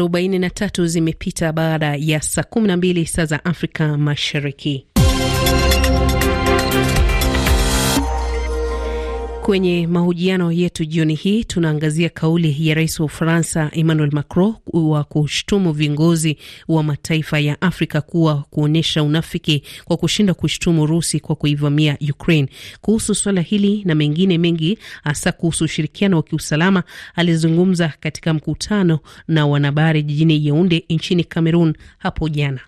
43 zimepita baada ya saa 12 saa za Afrika Mashariki. Kwenye mahojiano yetu jioni hii tunaangazia kauli ya rais wa Ufaransa Emmanuel Macron wa kushtumu viongozi wa mataifa ya Afrika kuwa kuonyesha unafiki kwa kushinda kushtumu Urusi kwa kuivamia Ukraine. Kuhusu suala hili na mengine mengi, hasa kuhusu ushirikiano wa kiusalama, alizungumza katika mkutano na wanahabari jijini Yaunde nchini cameron hapo jana.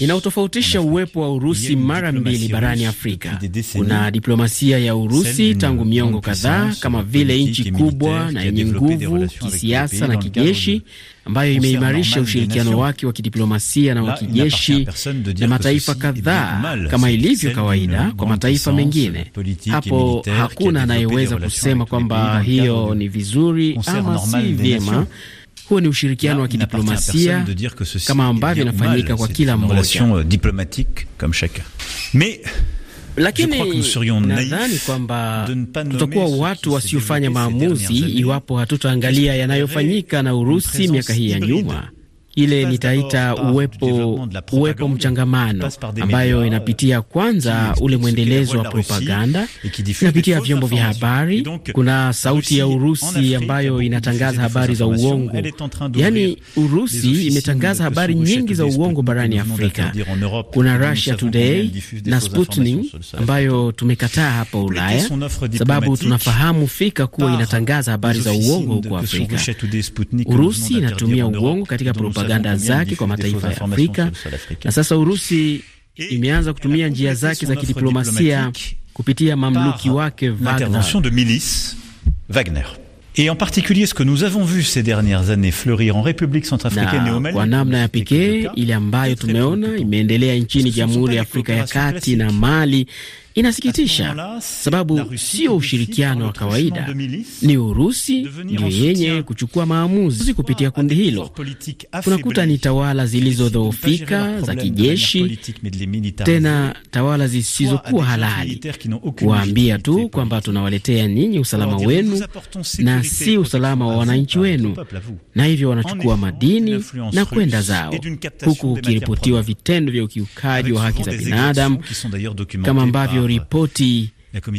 Inautofautisha uwepo wa Urusi mara mbili barani Afrika. Kuna diplomasia ya Urusi tangu miongo kadhaa, kama vile nchi kubwa na yenye nguvu kisiasa na kijeshi, ambayo imeimarisha ushirikiano wake wa kidiplomasia na wa kijeshi na mataifa kadhaa, kama ilivyo kawaida kwa mataifa mengine. Hapo hakuna anayeweza kusema kwamba hiyo ni vizuri ama si vyema. Huo ni ushirikiano wa kidiplomasia kama ambavyo inafanyika kwa kila mmoja euh, lakini nadhani kwamba tutakuwa watu wasiofanya maamuzi iwapo hatutaangalia yanayofanyika na Urusi miaka hii ya nyuma ile nitaita uwepo, uwepo mchangamano ambayo inapitia kwanza ule mwendelezo wa propaganda, inapitia vyombo vya habari. Kuna sauti ya Urusi ambayo yaani, inatangaza habari za uongo, yaani Urusi imetangaza habari nyingi za uongo barani Afrika. Kuna Russia Today na Sputnik ambayo tumekataa hapa Ulaya sababu tunafahamu fika kuwa inatangaza habari za uongo huko Afrika. Urusi inatumia uongo katika propaganda propaganda zake kwa mataifa ya Afrika, na sasa Urusi imeanza kutumia njia zake za kidiplomasia kupitia mamluki wake Wagner. Wagner. Et en particulier ce que nous avons vu ces dernières années fleurir en République centrafricaine et au Mali. Kwa namna ya pekee ile ambayo tumeona imeendelea nchini Jamhuri ya Afrika ya Kati na Mali Inasikitisha sababu sio ushirikiano wa kawaida, ni Urusi ndio yenye kuchukua maamuzi kupitia kundi hilo. Unakuta ni tawala zilizodhoofika za kijeshi, tena tawala zisizokuwa halali, kuwaambia tu kwamba tunawaletea ninyi usalama wenu na si usalama wa wananchi wenu, na hivyo wanachukua madini na kwenda zao, huku ukiripotiwa vitendo vya ukiukaji wa haki za binadamu kama ambavyo ripoti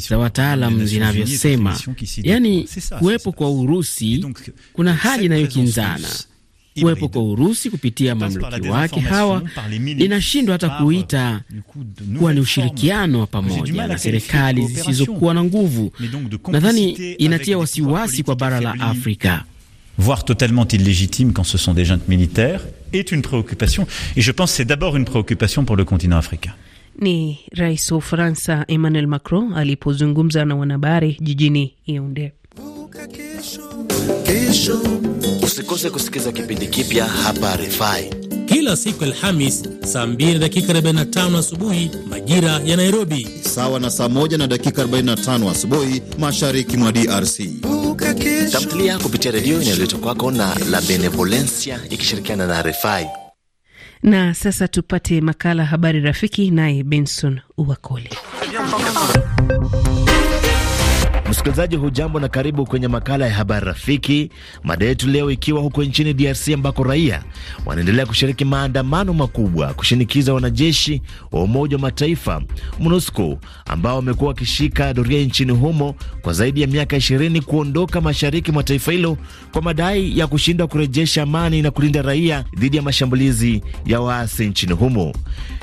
za wataalam zinavyosema. Yaani, kuwepo kwa Urusi kuna hali inayokinzana kuwepo kwa Urusi kupitia mamluki wake hawa inashindwa hata kuita euh, kuwa ni ushirikiano wa pamoja na serikali zisizokuwa na nguvu. Nadhani inatia wasiwasi kwa bara la Afrika voire totalement illégitime quand ce sont des juntes militaires est une préoccupation et je pense c'est d'abord une préoccupation pour le continent africain. Ni rais wa Ufaransa Emmanuel Macron alipozungumza na wanahabari jijini Yaounde. Usikose kusikiza kipindi kipya hapa Refai kila siku Alhamis saa 2 dakika 45 asubuhi majira ya Nairobi, sawa na saa 1 na dakika 45 asubuhi mashariki mwa DRC. Tamthilia kupitia redio inayoletwa kwako na La Benevolencia ikishirikiana na Refai. Na sasa tupate makala Habari Rafiki, naye Benson uwakoli Msikilizaji hujambo na karibu kwenye makala ya habari rafiki. Mada yetu leo ikiwa huko nchini DRC ambako raia wanaendelea kushiriki maandamano makubwa kushinikiza wanajeshi wa Umoja wa Mataifa MONUSCO ambao wamekuwa wakishika doria nchini humo kwa zaidi ya miaka 20 kuondoka mashariki mwa taifa hilo kwa madai ya kushindwa kurejesha amani na kulinda raia dhidi ya mashambulizi ya waasi nchini humo.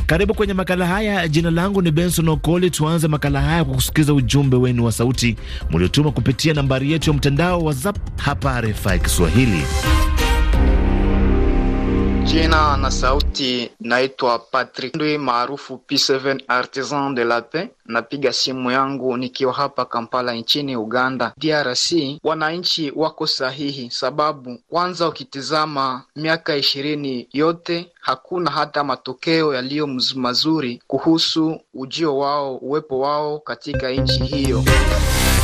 Karibu kwenye makala haya. Jina langu ni Benson Okoli. Tuanze makala haya kwa kusikiliza ujumbe wenu wa sauti mliotuma kupitia nambari yetu ya mtandao wa zap hapa RFI Kiswahili. Jina na sauti, naitwa Patrick Ndwi maarufu P7 Artisan de la Paix. Napiga simu yangu nikiwa hapa Kampala nchini Uganda. DRC wananchi wako sahihi, sababu kwanza ukitizama miaka ishirini yote hakuna hata matokeo yaliyo mazuri kuhusu ujio wao, uwepo wao katika nchi hiyo.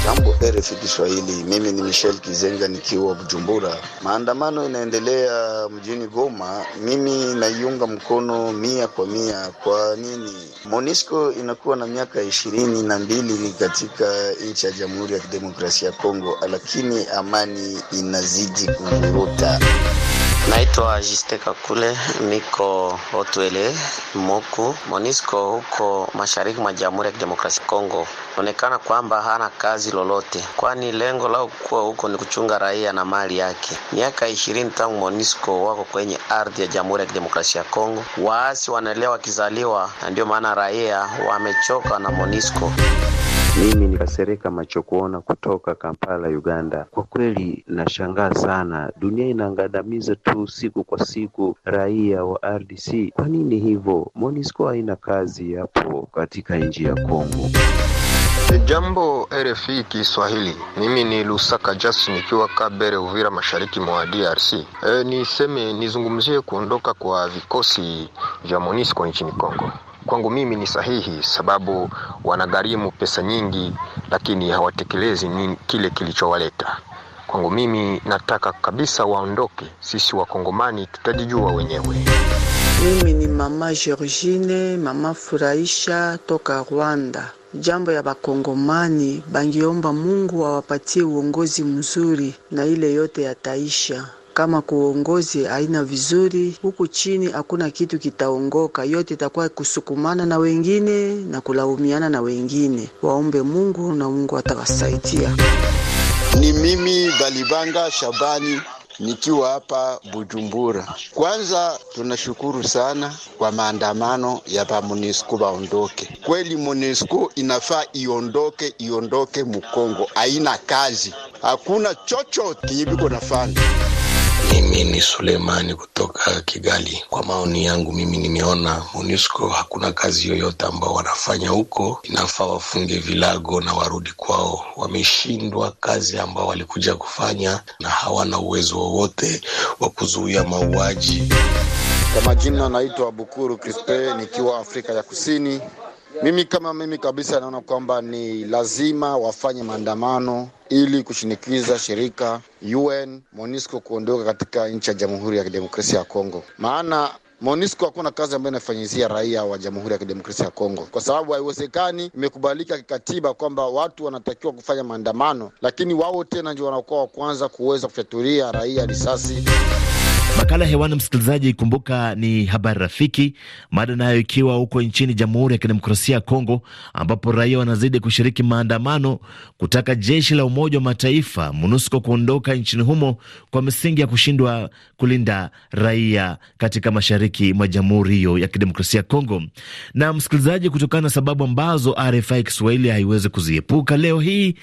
Jambo RFI Kiswahili, mimi ni Michel Kizenga nikiwa Bujumbura. Maandamano inaendelea mjini Goma, mimi naiunga mkono mia kwa mia. Kwa nini? MONUSCO inakuwa na miaka ishirini na mbili ni katika nchi ya Jamhuri ya Kidemokrasia ya Kongo, lakini amani inazidi kuvuruta Naitwa Jiste Kakule, niko Otwele Moku Monisco huko mashariki mwa Jamhuri ya Kidemokrasia Kongo. Inaonekana kwamba hana kazi lolote, kwani lengo lao kuwa huko ni kuchunga raia na mali yake. Miaka ishirini tangu Monisco wako kwenye ardhi ya Jamhuri ya Kidemokrasia ya Kongo, waasi wanaelewa wakizaliwa, na ndio maana raia wamechoka na Monisco. Mimi nikasereka macho kuona kutoka Kampala, Uganda. Kwa kweli nashangaa sana, dunia inangandamiza tu siku kwa siku raia wa RDC. Kwa nini hivyo? MONUSCO haina kazi hapo katika nchi ya Kongo. Jambo RFI Kiswahili, mimi ni Lusaka Jas nikiwa Kabere, Uvira, mashariki mwa DRC. E, eh, niseme nizungumzie kuondoka kwa vikosi vya MONUSCO nchini Kongo kwangu mimi ni sahihi, sababu wanagharimu pesa nyingi, lakini hawatekelezi kile kilichowaleta. Kwangu mimi nataka kabisa waondoke. Sisi Wakongomani tutajijua wenyewe. Mimi ni mama Georgine, mama furahisha toka Rwanda. Jambo ya Bakongomani bangiomba Mungu awapatie uongozi mzuri na ile yote yataisha kama kuongozi haina vizuri huku chini, hakuna kitu kitaongoka, yote itakuwa kusukumana na wengine na kulaumiana na wengine. Waombe Mungu na Mungu atawasaidia. Ni mimi Balibanga Shabani nikiwa hapa Bujumbura. Kwanza tunashukuru sana kwa maandamano ya pa baondoke. Kweli Monusco inafaa iondoke, iondoke Mukongo, haina kazi, hakuna chochote hivi kunafanya ni Suleimani kutoka Kigali. Kwa maoni yangu mimi nimeona MONUSCO hakuna kazi yoyote ambao wanafanya huko, inafaa wafunge vilago na warudi kwao. Wameshindwa kazi ambao walikuja kufanya na hawana uwezo wowote wa kuzuia mauaji. Kwa majina naitwa Bukuru Krispe nikiwa Afrika ya Kusini. Mimi kama mimi kabisa naona kwamba ni lazima wafanye maandamano ili kushinikiza shirika UN MONUSCO kuondoka katika nchi ya Jamhuri ya Kidemokrasia ya Kongo, maana MONUSCO hakuna kazi ambayo inafanyizia raia wa Jamhuri ya Kidemokrasia ya Kongo, kwa sababu haiwezekani. Imekubalika kikatiba kwamba watu wanatakiwa kufanya maandamano, lakini wao tena ndio wanakuwa wa kwanza kuweza kufyatulia raia risasi. Makala hewani, msikilizaji, kumbuka ni habari rafiki, mada nayo ikiwa huko nchini Jamhuri ya Kidemokrasia ya Kongo, ambapo raia wanazidi kushiriki maandamano kutaka jeshi la Umoja wa Mataifa MONUSCO kuondoka nchini humo kwa misingi ya kushindwa kulinda raia katika mashariki mwa jamhuri hiyo ya Kidemokrasia ya Kongo. Na msikilizaji, kutokana na sababu ambazo RFI Kiswahili haiwezi kuziepuka, leo hii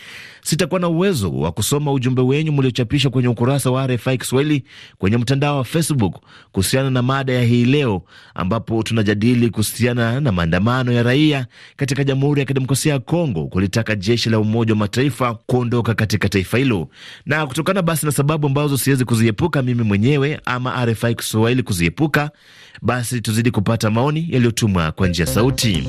sitakuwa na uwezo wa kusoma ujumbe wenyu mliochapisha kwenye ukurasa wa RFI Kiswahili kwenye mtandao wa Facebook kuhusiana na mada ya hii leo, ambapo tunajadili kuhusiana na maandamano ya raia katika Jamhuri ya Kidemokrasia ya Kongo kulitaka jeshi la Umoja wa Mataifa kuondoka katika taifa hilo, na kutokana basi na sababu ambazo siwezi kuziepuka mimi mwenyewe ama RFI Kiswahili kuziepuka, basi tuzidi kupata maoni yaliyotumwa kwa njia sauti.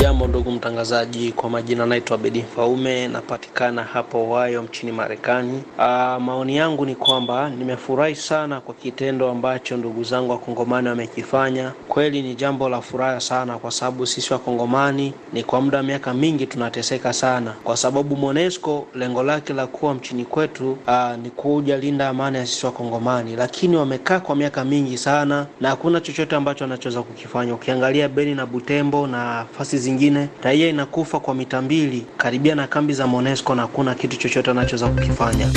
Jambo ndugu mtangazaji, kwa majina naitwa Bedi Mfaume, napatikana hapo Ohio mchini Marekani. Ah, maoni yangu ni kwamba nimefurahi sana kwa kitendo ambacho ndugu zangu wakongomani wamekifanya. Kweli ni jambo la furaha sana, kwa sababu sisi wakongomani ni kwa muda wa miaka mingi tunateseka sana, kwa sababu monesco lengo lake la kuwa mchini kwetu aa, ah, ni kuja linda amani ya sisi wakongomani, lakini wamekaa kwa miaka mingi sana na hakuna chochote ambacho wanachoweza kukifanya. Ukiangalia Beni na Butembo na fasi zingine raia inakufa kwa mita mbili karibia na kambi za Monesco na hakuna kitu chochote anachoweza kukifanya.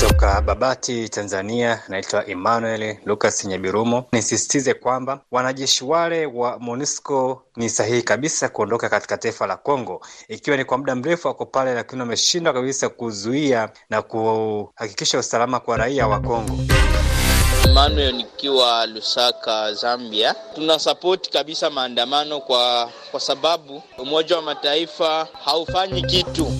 Toka Babati, Tanzania, naitwa Emmanuel Lucas Nyabirumo. nisistize kwamba wanajeshi wale wa Monisco ni sahihi kabisa kuondoka katika taifa la congo ikiwa ni kwa muda mrefu wako pale, lakini wameshindwa kabisa kuzuia na kuhakikisha usalama kwa raia wa Kongo. Emmanuel nikiwa Lusaka, Zambia. Tunasapoti kabisa maandamano kwa, kwa sababu Umoja wa Mataifa haufanyi kitu.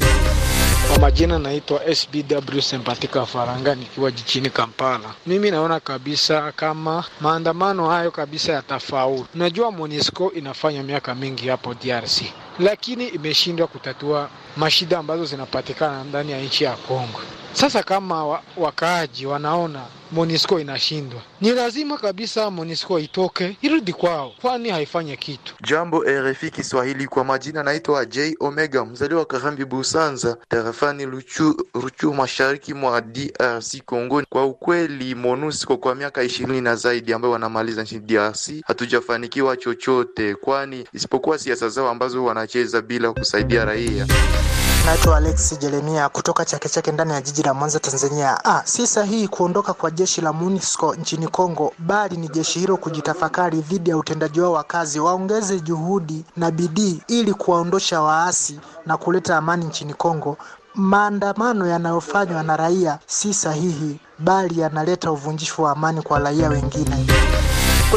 Kwa majina naitwa SBW Sempatika Faranga nikiwa jijini Kampala. Mimi naona kabisa kama maandamano hayo kabisa yatafaulu. najua MONUSCO inafanya miaka mingi hapo DRC, lakini imeshindwa kutatua mashida ambazo zinapatikana ndani ya nchi ya Kongo. Sasa kama wakaaji wanaona Monisco inashindwa, ni lazima kabisa Monisco itoke irudi kwao, kwani haifanye kitu. Jambo RFI Kiswahili, kwa majina naitwa J Omega, mzaliwa wa Karambi Busanza, tarafani Ruchu, Ruchu, mashariki mwa DRC Congo. Kwa ukweli, Monusco kwa miaka ishirini na zaidi ambayo wanamaliza nchini DRC hatujafanikiwa chochote, kwani isipokuwa siasa zao ambazo wanacheza bila kusaidia raia. Naitwa Alex Jeremia kutoka Chake Chake ndani ya jiji la Mwanza, Tanzania. Ah, si sahihi kuondoka kwa jeshi la MONUSCO nchini Kongo, bali ni jeshi hilo kujitafakari dhidi ya utendaji wao wa kazi, waongeze juhudi na bidii ili kuwaondosha waasi na kuleta amani nchini Kongo. Maandamano yanayofanywa na raia si sahihi, bali yanaleta uvunjifu wa amani kwa raia wengine.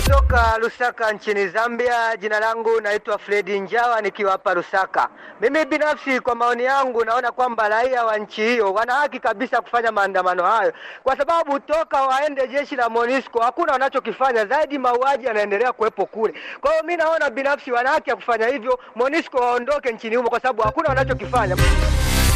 Kutoka Lusaka nchini Zambia, jina langu naitwa Fredi Njawa nikiwa hapa Lusaka. Mimi binafsi kwa maoni yangu naona kwamba raia wa nchi hiyo wana haki kabisa kufanya maandamano hayo, kwa sababu toka waende jeshi la monisco hakuna wanachokifanya zaidi, mauaji yanaendelea kuwepo kule. Kwa hiyo mimi naona binafsi wana haki ya kufanya hivyo, Monisco waondoke nchini humo, kwa sababu hakuna wanachokifanya.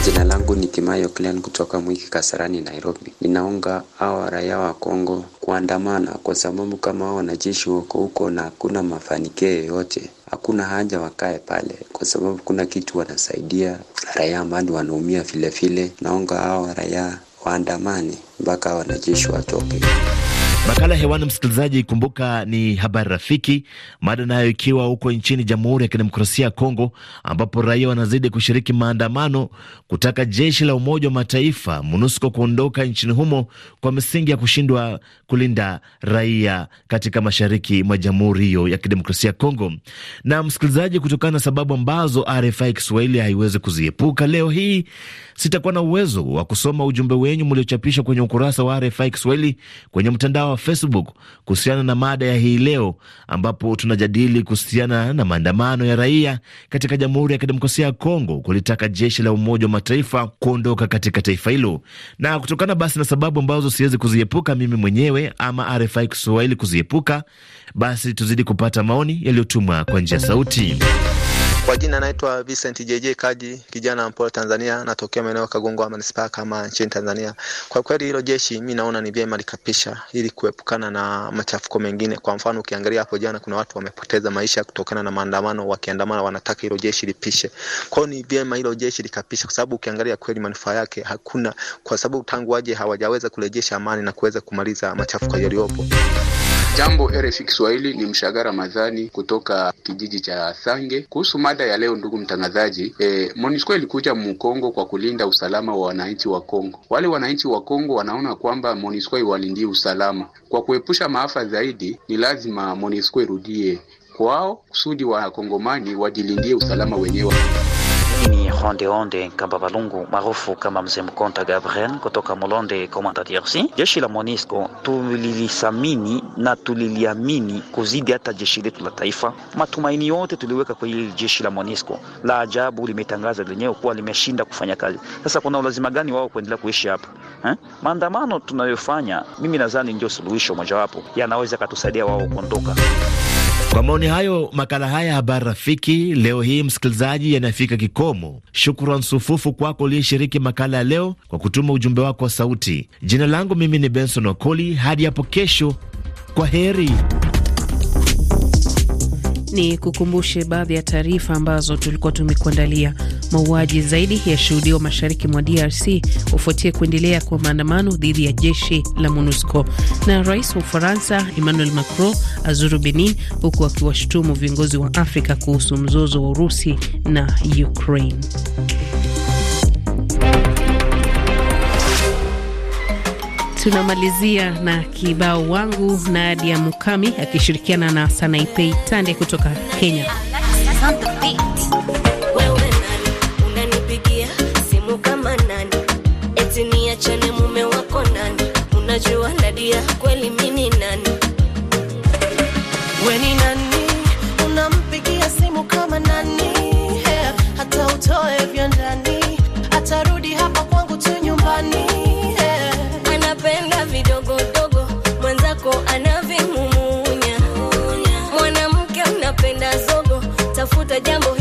Jina langu ni Kimayo Clan kutoka Mwiki Kasarani, Nairobi. Ninaunga hawa raia wa Kongo kuandamana kwa sababu kama hao wanajeshi wako huko na hakuna mafanikio yoyote, hakuna haja wakae pale, kwa sababu kuna kitu wanasaidia raia ambao wanaumia. Vilevile naunga hawa raia waandamane mpaka wanajeshi watoke. Makala hewani, msikilizaji, kumbuka ni habari rafiki, mada nayo ikiwa huko nchini Jamhuri ya Kidemokrasia ya Kongo, ambapo raia wanazidi kushiriki maandamano kutaka jeshi la Umoja wa Mataifa MONUSCO kuondoka nchini humo kwa misingi ya kushindwa kulinda raia katika mashariki mwa jamhuri hiyo ya Kidemokrasia ya Kongo. Na msikilizaji, kutokana na sababu ambazo RFI Kiswahili haiwezi kuziepuka leo hii sitakuwa na uwezo wa kusoma ujumbe wenyu mliochapisha kwenye ukurasa wa RFI Kiswahili kwenye mtandao wa Facebook kuhusiana na mada ya hii leo, ambapo tunajadili kuhusiana na maandamano ya raia katika Jamhuri ya Kidemokrasia ya Kongo kulitaka jeshi la Umoja wa Mataifa kuondoka katika taifa hilo, na kutokana basi na sababu ambazo siwezi kuziepuka mimi mwenyewe ama RFI Kiswahili kuziepuka, basi tuzidi kupata maoni yaliyotumwa kwa njia sauti. Kwa jina naitwa Vincent JJ Kaji, kijana mpole Tanzania, natokea maeneo Kagongo manispaa kama nchini Tanzania. Kwa kweli hilo jeshi mimi naona ni vyema likapisha ili kuepukana na machafuko mengine. Kwa mfano, ukiangalia hapo jana kuna watu wamepoteza maisha kutokana na maandamano, wakiandamana wanataka hilo jeshi lipishe. Kwa ni vyema hilo jeshi likapisha, kwa sababu ukiangalia kweli manufaa yake hakuna, kwa sababu tangu waje hawajaweza kurejesha amani na kuweza kumaliza machafuko yaliyopo. Jambo RFI Kiswahili, ni Mshagara Ramadhani kutoka kijiji cha Sange. Kuhusu mada ya leo, ndugu mtangazaji, e, MONUSCO ilikuja Mkongo kwa kulinda usalama wa wananchi wa Kongo. Wale wananchi wa Kongo wanaona kwamba MONUSCO iwalindie usalama. Kwa kuepusha maafa zaidi, ni lazima MONUSCO irudie kwao kusudi wa Kongomani wajilindie usalama wenyewe. Onde Kamba Balungu maarufu kama Mzee Mkonta Gabriel kutoka Molonde Komanda DRC. Jeshi la Monisco tulilisamini na tuliliamini kuzidi hata jeshi letu la taifa. Matumaini yote tuliweka kwa hili jeshi la Monisco. La ajabu limetangaza lenyewe kuwa limeshinda kufanya kazi. Sasa kuna ulazima gani wao kuendelea kuishi hapa ha? Eh? Maandamano tunayofanya mimi nadhani ndio suluhisho mojawapo yanaweza katusaidia wao kuondoka. Kwa maoni hayo, makala haya ya habari rafiki leo hii, msikilizaji, yanafika kikomo. Shukran sufufu kwako uliyeshiriki makala ya leo kwa kutuma ujumbe wako wa sauti. Jina langu mimi ni Benson Wakoli. Hadi hapo kesho, kwa heri ni kukumbushe baadhi ya taarifa ambazo tulikuwa tumekuandalia. Mauaji zaidi yashuhudiwa mashariki mwa DRC hufuatia kuendelea kwa maandamano dhidi ya jeshi la MONUSCO, na rais wa Ufaransa Emmanuel Macron azuru Benin, huku akiwashutumu viongozi wa Afrika kuhusu mzozo wa Urusi na Ukraine. Tunamalizia na kibao wangu Nadia Mukami akishirikiana na Sanaipei Tande kutoka Kenya. Unanipigia simu kama nani? Eti niachane mume wako nani? Unajua Nadia, kweli mimi nani? Weni nani? jambo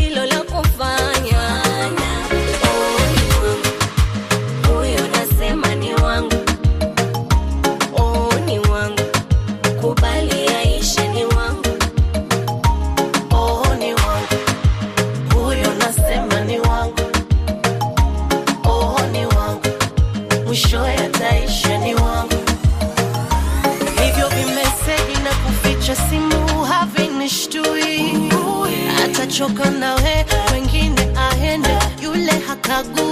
água.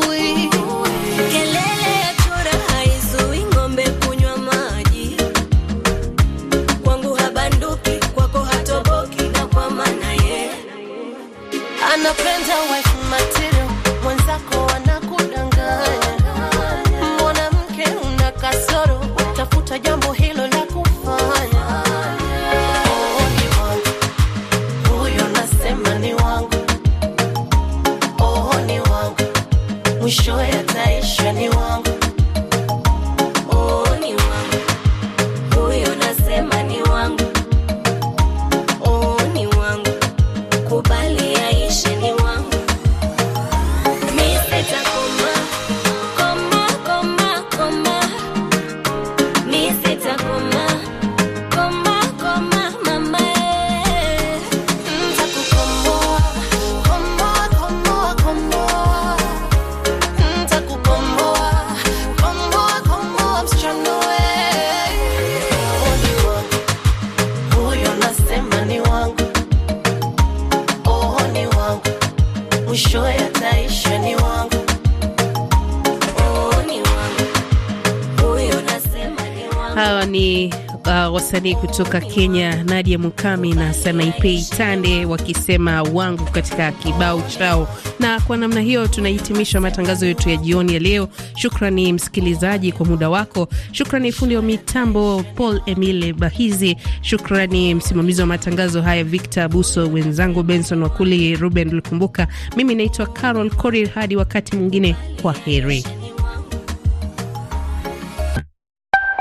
Hawa ni uh, wasanii kutoka Kenya, Nadia Mukami na Sanaipei Tande wakisema wangu katika kibao chao. Na kwa namna hiyo tunahitimisha matangazo yetu ya jioni ya leo. Shukrani msikilizaji kwa muda wako. Shukrani fundi wa mitambo Paul Emile Bahizi. Shukrani msimamizi wa matangazo haya Victor Buso, wenzangu Benson Wakuli, Ruben Lukumbuka. Mimi naitwa Carol Korir. Hadi wakati mwingine, kwa heri.